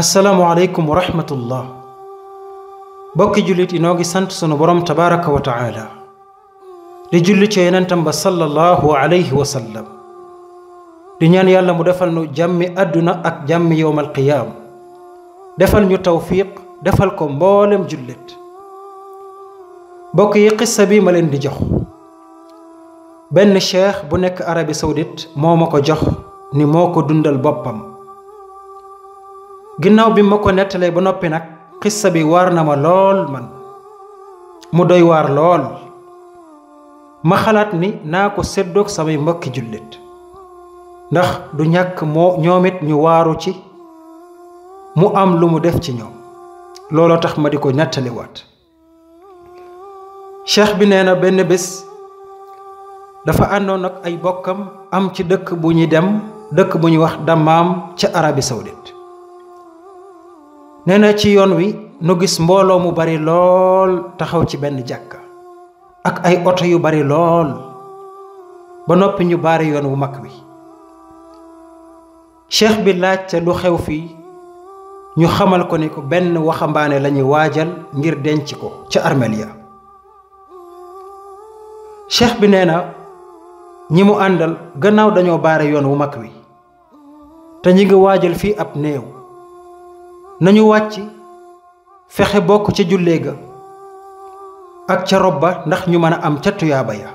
asalaamualeykum wa rahmatullah bokki jullit yi noo ngi sant sunu borom tabaraka wa taala di julli ci yonentam ba sallallahu alayhi wa di ñaan yàlla mu defal nu jàmmi àdduna ak jàmmi yowmal qiyaam defal ñu tawfiq defal ko mboolem jullit bokk yi xissa bi ma leen di jox benn cheikh bu nekk Arabie Saoudite moo ma ko jox ni moo ko dundal boppam ginnaaw bi ma ko nettalee ba noppi nag xissa bi waar na ma lool man mu doy waar lool ma xalaat ni naa ko séddoog samay mbokki jullit ndax du ñàkk moo ñoom it ñu waaru ci mu am lu mu def ci ñoom looloo tax ma di ko nettaliwaat cheikh bi nee na benn bés dafa àndoon ak ay bokkam am ci dëkk bu ñuy dem dëkk bu ñuy wax damaam ca arabi Saoudite nee na ci yoon wi nu gis mbooloo mu bari lool taxaw ci benn jàkka ak ay oto yu bari lool ba noppi ñu baari yoon wu mag wi cheikh bi laajte lu xew fii ñu xamal ko ni ko benn waxambaane lañuy waajal ngir denc ko ca armeel ya cheikh bi nee na ñi mu àndal gannaaw dañoo baare yoon wu mag wi te ñi ngi waajal fii ab néew nañu wàcc fexe bokk ca jullee ga ak ca rob ba ndax ñu mën a am ca tuyaaba ya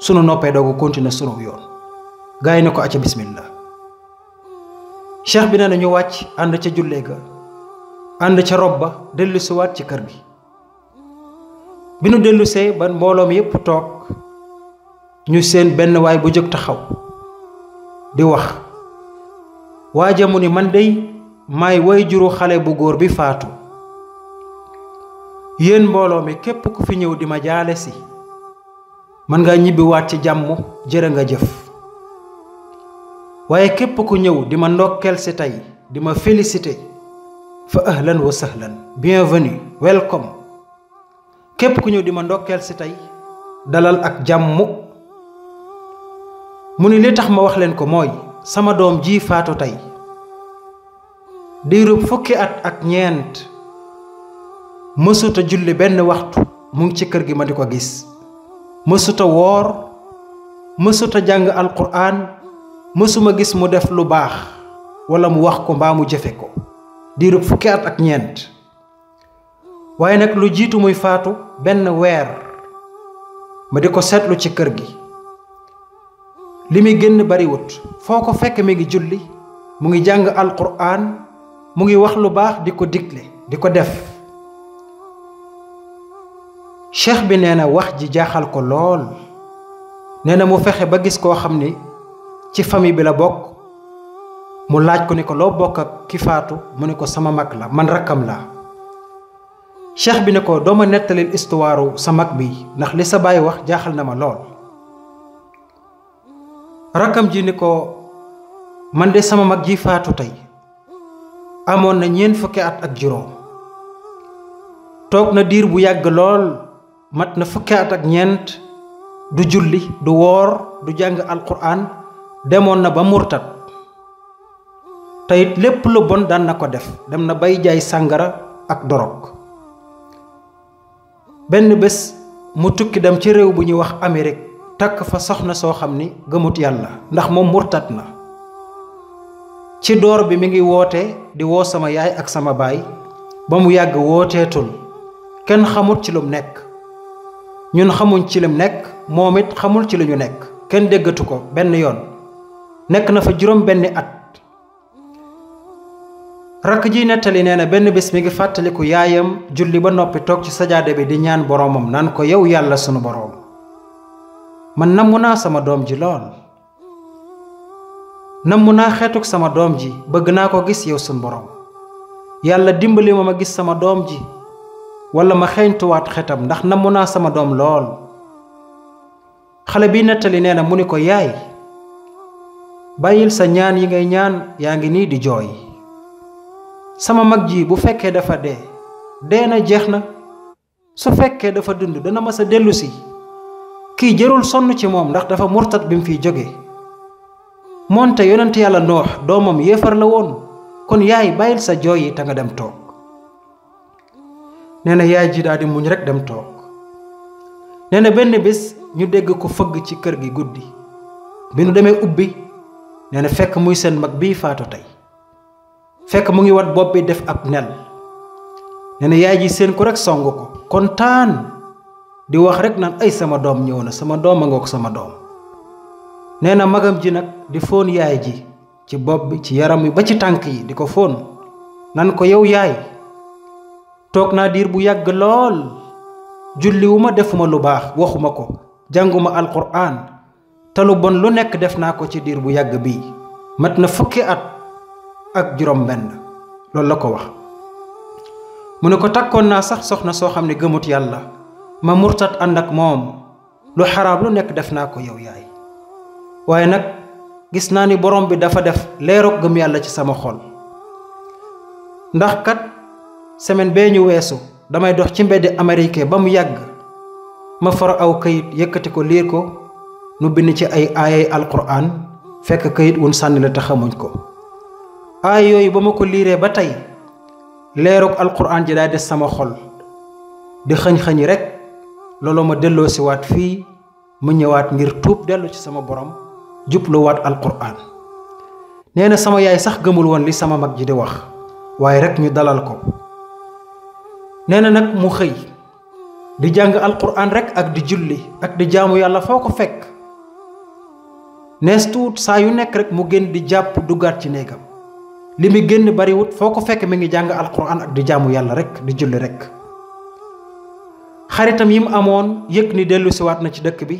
sunu noppee doogu continuer sunu yoon gaa yi ne ko acca bismillah cheikh bi nee na ñu wàcc ànd ca jullee ga ànd ca rob ba dellusiwaat ci kër gi bi nu dellusee ba mbooloom yépp toog ñu seen benn waay bu jóg taxaw di wax waa mu ni man dey may juru xale bu góor bi faatu yéen mbooloo mi képp ku fi ñëw di ma jaale si mën nga ñibbiwaat ci jàmm jëre nga jëf waaye képp ku ñëw di ma ndokkeel si tey di ma félicité fa ahlan wa bien bienvenue welcome képp ku ñëw di ma ndokkeel si tey dalal ak jàmmu mu ni li tax ma wax leen ko mooy sama doom ji faatu tey diirub fukki at ak ñeent mësuta julli benn waxtu mu ngi ci kër gi ma di ko gis mësuta woor mësuta jàng alquraan mësuma gis mu def lu baax wala mu wax ko mbaa mu jëfe ko diirub fukki at ak ñeent waaye nag lu jiitu muy faatu benn weer ma di ko seetlu ci kër gi li muy génn bariwut foo ko fekk mi ngi julli mu ngi jàng alquraan mu ngi wax lu baax di ko digle di ko def cheikh bi nee na wax ji jaaxal ko lool nee na mu fexe ba gis koo xam ni ci famille bi la bokk mu laaj ko ne ko loo bokk ak ki faatu mu ne ko sama mag la man rakkam la cheikh bi ne ko dooma nettalil histoire sa mag bi ndax li sa baay wax jaaxal na ma lool rakkam ji ni ko man de sama mag ji faatu tey amoon na ñeent fukki at ak juróom toog na diir bu yàgg lool mat na fukki at ak ñeent du julli du woor du jàng alquran demoon na ba murtat teyit lépp lu bon daan na ko def dem na bay jaay sàngara ak dorog benn bés mu tukki dem ci réew bu ñuy wax Amérique takk fa soxna soo xam ni gëmut yàlla ndax moom murtat na ci door bi mu ngi woote di woo sama yaay ak sama baay ba mu yàgg wooteetul kenn xamut ci lum nekk ñun xamuñ ci lum nekk moom it xamul ci lu ñu nekk kenn déggatu ko benn yoon nekk na fa juróom benni at rakk ji nettali nee na benn bés mi ngi fàttaliku yaayam julli ba noppi toog ci sajaade bi di ñaan boroomam naan ko yow yàlla sunu boroom man namm naa sama doom ji lool namm naa xeetuk sama doom ji bëgg naa ko gis yow sunu borom yàlla dimbali ma ma gis sama doom ji walla ma xeeñtuwaat xetam ndax namm naa sama doom lool xale bi nettali nee na mu ni ko yaay bàyyil sa ñaan yi ngay ñaan yaa ngi nii di jooy sama mag ji bu fekkee dafa dee dee na jeex na su fekkee dafa dund dana ma sa dellusi kii jërul sonn ci moom ndax dafa murtat bi mu fiy jóge moonte yonent yàlla noox doomam yéefar la woon kon yaay bàyyil sa jooy yi te nga dem toog nee na yaay ji daal di muñ rek dem toog nee na benn bés ñu dégg ko fëgg ci kër gi guddi bi nu demee ubbi nee na fekk muy seen mag bii faatu tey fekk mu ngi wat bopp bi def ab nel nee na yaay ji séen ko rek song ko kon kontaan di wax rek naan ay sama doom ñëw na sama doom a ngoog sama doom nee na magam ji nag di fóon yaay ji ci bopp bi ci yaram wi ba ci tànk yi di ko fóon nan ko yow yaay toog naa diir bu yàgg lool julliwu ma defuma lu baax waxuma ko jànguma alquran te lu bon lu nekk def naa ko ci diir bu yàgg bii mat na fukki at ak juróom benn loolu la ko wax mu ne ko takkoon naa sax soxna soo xam ne gëmut yàlla ma murtat ànd ak moom lu xaraam lu nekk def naa ko yow yaay waaye nag gis naa ni borom bi dafa def leeroog gëm yàlla ci sama xol ndax kat semaine bee ñu weesu damay dox ci mbedd américain ba mu yàgg ma far aw kayit yëkkati ko liir ko nu bind ci ay aayay alquran fekk kayit wun sànni la te xamuñ ko aay yooyu ba ma ko liiree ba tey leeroog alquran ji daa des sama xol di xëñ-xëñi rekk loolu ma delloo si waat fii mu ñëwaat ngir tuub dellu ci sama borom jubluwaat alquraan nee na sama yaay sax gëmul woon li sama mag ji di wax waaye rekk ñu dalal ko nee na nag mu xëy di jàng alquraan rekk ak di julli ak di jaamu yàlla foo ko fekk nees tuut saa yu nekk rekk mu génn di jàpp duggaat ci néegam li mu génn bariwut foo ko fekk mi ngi jàng alquraan ak di jaamu yàlla rekk di julli rekk xaritam yi mu amoon yëg ni dellusiwaat na ci dëkk bi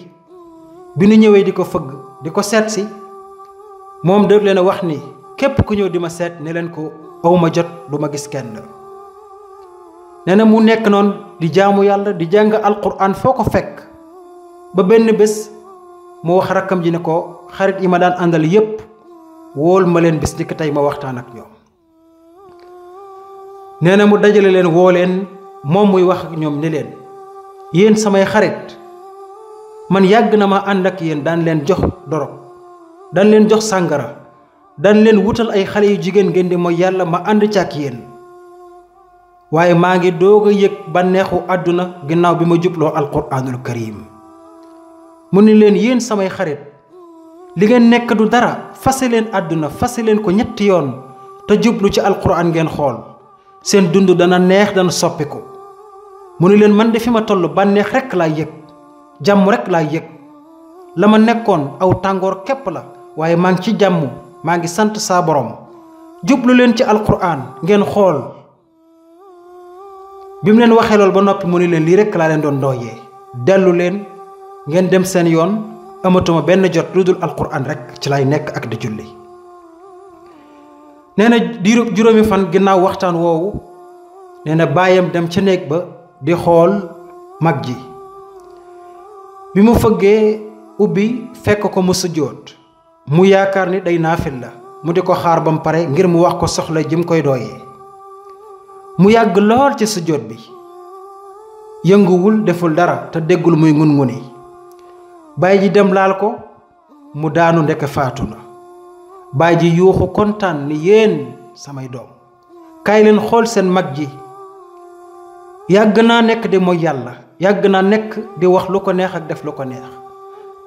bi nu ñëwee di ko fëgg di ko seet si moom dëgg leen a wax ni képp ku ñëw di ma seet ne leen ko awma jot du ma gis kenn nee na mu nekk noon di jaamu yàlla di jàng alquran foo ko fekk ba benn bés mu wax rakkam ji ne ko xarit yi ma daan àndal yépp wool ma leen bis ni ko tey ma waxtaan ak ñoom nee na mu dajale leen wooleen moom muy wax ak ñoom ne leen yéen samay xarit man yàgg na ma ànd ak yéen daan leen jox dorog daan leen jox sàngara daan leen wutal ay xale yu jigéen ngeen di mooy yàlla ma ànd ci ak yéen waaye maa ngi doog a yëg bànneexu àdduna ginnaaw bi ma jubloo alquraanul karim mu ni leen yéen samay xarit li ngeen nekk du dara fase leen àdduna fase leen ko ñetti yoon te jublu ci alquraan ngeen xool seen dund dana neex dana soppiku mu ni leen man de fi ma toll bànneex rekk laa yég jàmm rek laa yëg la ma nekkoon aw tàngoor képp la waaye maa ngi ci jàmm maa ngi sant saa boroom jublu leen ci alquran ngeen xool bi mu leen waxee ba noppi mu ni leen lii rek laa leen doon dooyee dellu leen ngeen dem seen yoon amatuma benn jot lu dul alquran rek ci lay nekk ak di julli nee na diiru juróomi fan ginnaaw waxtaan woowu nee na baayam dem ca néeg ba di xool mag ji bi mu fëggee ubbi fekk ko mu sujjóot mu yaakaar ni day naafil la mu di ko xaar ba mu pare ngir mu wax ko soxla jëm koy dooyee mu yàgg lool ci sujjóot bi yënguwul deful dara te déggul muy ngun-nguni baay ji dem laal ko mu daanu ndekk faatu na baay ji yuuxu kontaan ni yéen samay doom kaay xool seen mag ji yàgg naa nekk di mooy yàlla yàgg naa nekk di wax lu ko neex ak def lu ko neex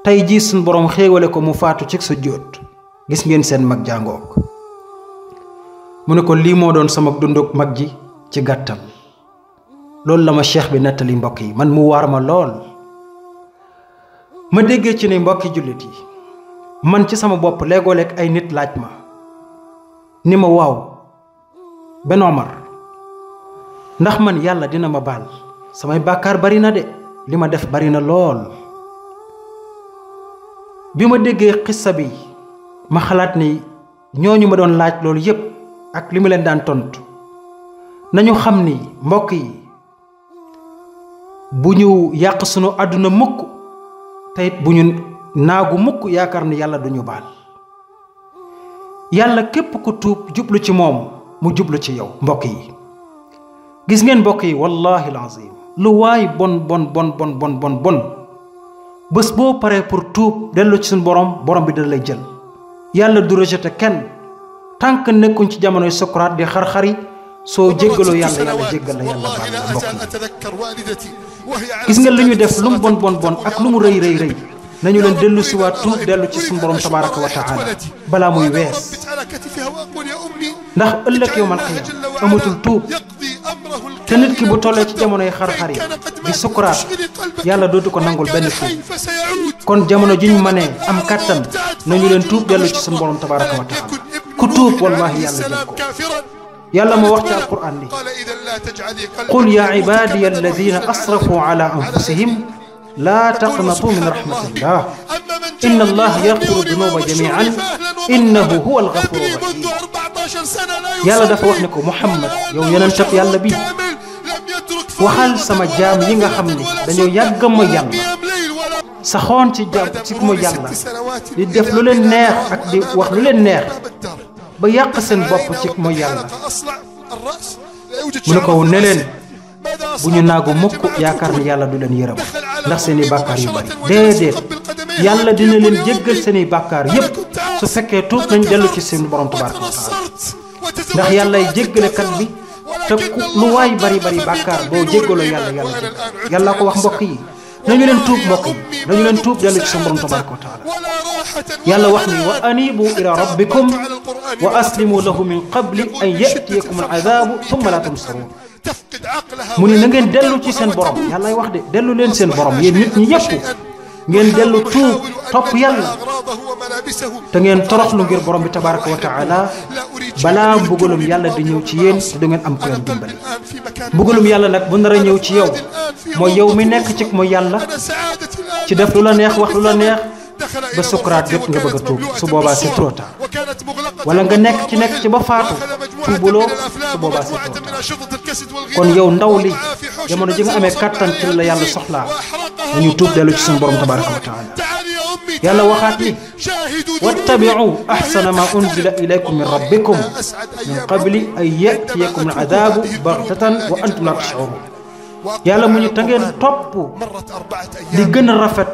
tey jii suñ borom xéewale ko mu faatu ci sa jóot gis ngeen seen mag jàngook mu ne ko lii moo doon sama dundug mag ji ci gàttam loolu la ma cheikh bi nettali mbokk yi man mu waar ma lool ma déggee ci ne mbokki jullit yi man ci sama bopp léegoo-leeg ay nit laaj ma ni ma waaw Ben Omar ndax man yàlla dina ma baal samay bàkkaar bari na de li ma def bari na lool bi ma déggee xissa bi ma xalaat ni ñooñu ma doon laaj loolu yépp ak li ma leen daan tontu nañu xam ni mbokk yi bu ñu yàq sunu àdduna mukk te bu ñu naagu mukk yaakaar ni yàlla duñu baal yàlla képp ku tuub jublu ci moom mu jublu ci yow mbokk yi gis ngeen mbokk yi wallahi alazim lu waay bon bon bon bon bon bon bon bés boo paree pour tuub dellu ci suñu borom borom bi dana lay jël yàlla du rejeté kenn tànk nekkuñ ci jamonoy sokuraat di xar soo jéggaloo yàlla yàlla jéggal la yàlla baal la mbokk yi gis nga li ñuy def lu mu bon bon bon ak lu mu rëy rëy rëy nañu leen dellu si waat tuub dellu ci suñu borom tabaraka wa taala balaa muy wees ndax ëllëg yow man xiyam tuub te nit ki bu tollee ci jamonoy xar-xar yi di sukuraat yàlla dootu ko nangul benn tuub kon jamono ji ñu mënee am kàttan nañu leen tuub dellu ci suñu borom tabaraka wa taala ku tuub wallahi yàlla jël ko yàlla moo wax ci alquran ni qul ya ibadiya alladina asrafu ala anfusihim laa taqnatu min rahmatillah inna allaha yaghfiru dunuba jamian innahu huwa alghafuru rahim yàlla dafa wax ne ko Muhammad yow yeneen yonentab yàlla bi waxal sama jaam yi nga xam ne dañoo yàgg mooy yàlla saxoon ci ja ci mooy yàlla di def lu leen neex ak di wax lu leen neex ba yàq seen bopp ci mooy yàlla mu ne ko ne leen bu ñu naagu mukk yaakaar ne yàlla du leen yërëm ndax seen i bàkkaar yu bari déedéet yàlla dina leen jéggal seen i bàkkaar yépp su fekkee tuub nañ dellu ci seen borom tabaaraka wa ndax yàllay jéggalekat bi te ku lu waay bari bari bàkkaar boo jéggaloo yàlla yàlla jéggal yàlla ko wax mbokk yi nañu leen tuub mbokk yi nañu leen tuub dellu ci sa borom tabaraka wa taala yàlla wax ni wa anibu ila rabbikum wa aslimu lahu min qabli an yatiyakum al adabu thumma la tunsaruun mu ni na ngeen dellu ci seen borom yàllay wax de dellu leen seen borom yéen nit ñi yépp ngeen dellu tuub topp yàlla te ngeen toroxlu ngir borom bi tabaraka wa taala balaa mbugalum yàlla di ñëw ci yéen te du ngeen am ku leen dimbali mbugalum yàlla nag bu nar a ñëw ci yow mooy yow mi nekk ci mooy yàlla ci def lu la neex wax lu la neex ba sukuraat jot nga bëgg a tuub su boobaa c'est trop wala nga nekk ci nekk ci ba faatu tuubuloo su boobaa seetoo kon yow ndaw li jamono ji nga amee kattan ci la yàlla soxlaa nañu tuub dellu ci suñu borom tabaraka wa taala yàlla waxaat ni wattabiu axsana ma unzila ilaykum min rabbikum min qabli an yatiyakum al adabu baxtatan wa antum la tashcuruun yàlla mu ñu te ngeen topp li gën a rafet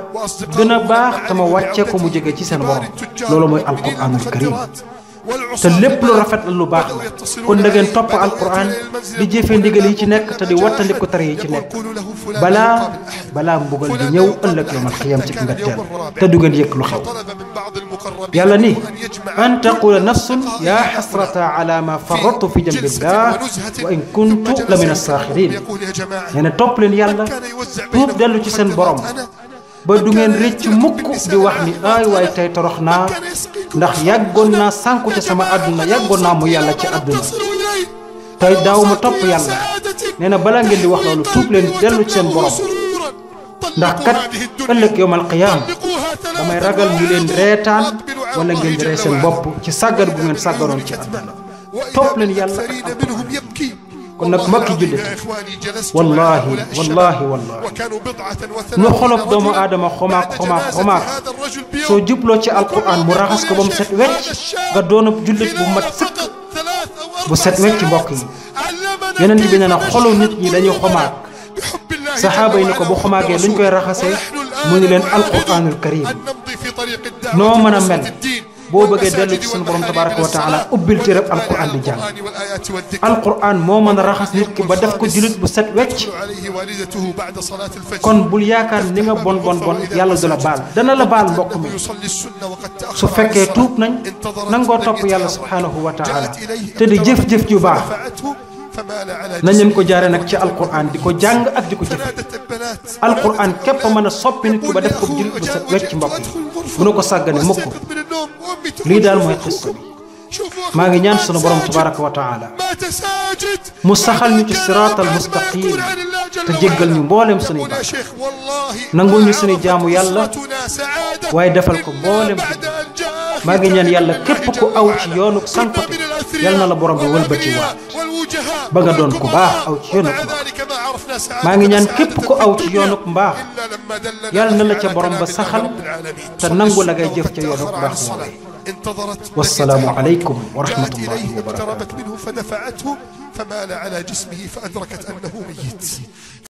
gën a baax te ma ko mu jege ci seen borom loolu mooy alquraanul karim te lépp lu rafet la lu baax la kon na ngeen topp alquran di jëfee ndigal yi ci nekk te di wattandiku tere yi ci nekk balaa balaa mbugal di ñëw ëllëg yomal xiyam ci ngetteel te du ngeen yëg lu xew yàlla ni an taqula nafsun yaa xasrata ala ma farratu fi jambillah wa in kuntu la min assaaxirin nee na topp leen yàlla tuub dellu ci seen borom ba du ngeen rëcc mukk di wax ni ay waay tey torox naa ndax yàggoon naa sànku ca sama àdduna yàggoon naa mu yàlla ci àdduna tey daaw ma topp yàlla nee na balaa ngeen di wax loolu tuub leen dellu ci seen borom ndax kat ëllëg yowmal qiyaam damay ragal ñu leen reetaan wala ngeen di rey seen bopp ci sàggar gu ngeen sàggaroon ci àdduna topp leen yàlla ak kon nag mbokki jullit wallaahi wallaahi wallaahi nu xolob doomu aadama xomaax xomaax xomaax soo jubloo ci alquran mu raxas ko ba mu set wecc nga doonub jullit bu mat sëkk bu set wecc mbokk yi yonent bi nee na xolu nit ñi dañuy xomaag saxaaba yi ni ko bu xomaagee luñ koy raxasee mu ni leen alquranul karim noo mën a mel boo bëggee dellu ci borom tabaraka wa taala ubbil téereb alquran di jàng alquran moo mën a raxas nit ki ba def ko jullit bu set wecc kon bul yaakaar ni nga bon bon bon yàlla du la baal dana la baal mbokk mi su fekkee tuub nañ nangoo topp yàlla subhaanahu wa taala te di jëf-jëf ju baax nañu ko jaaree nag ci alquran di ko jàng ak di ko jëfe alquran képp a mën a soppi nit ba def ko jul bu sa wecc mbokk yi mënu ko sàggane mukk lii daal mooy xista bi maa ngi ñaan sunu borom tabaraka wa taala mu saxal nu ci siraatal mustaqim te jéggal ñu mboolem sunuy baax nangul ñu sunuy jaamu yàlla waaye defal ko mboolem maa ngi ñaan yàlla képp ku aw ci yoonu sankute yal na la borom bi wëlbati waat ba nga doon ku baax aw ci yoonu mbaax maa ngi ñaan képp ku aw ci yoonu mbaax yal na la ca borom ba saxal te nangu la ngay jëf ca yoonu mbaax moom wassalaamu aleykum wa rahmatullahi wa barakaatuh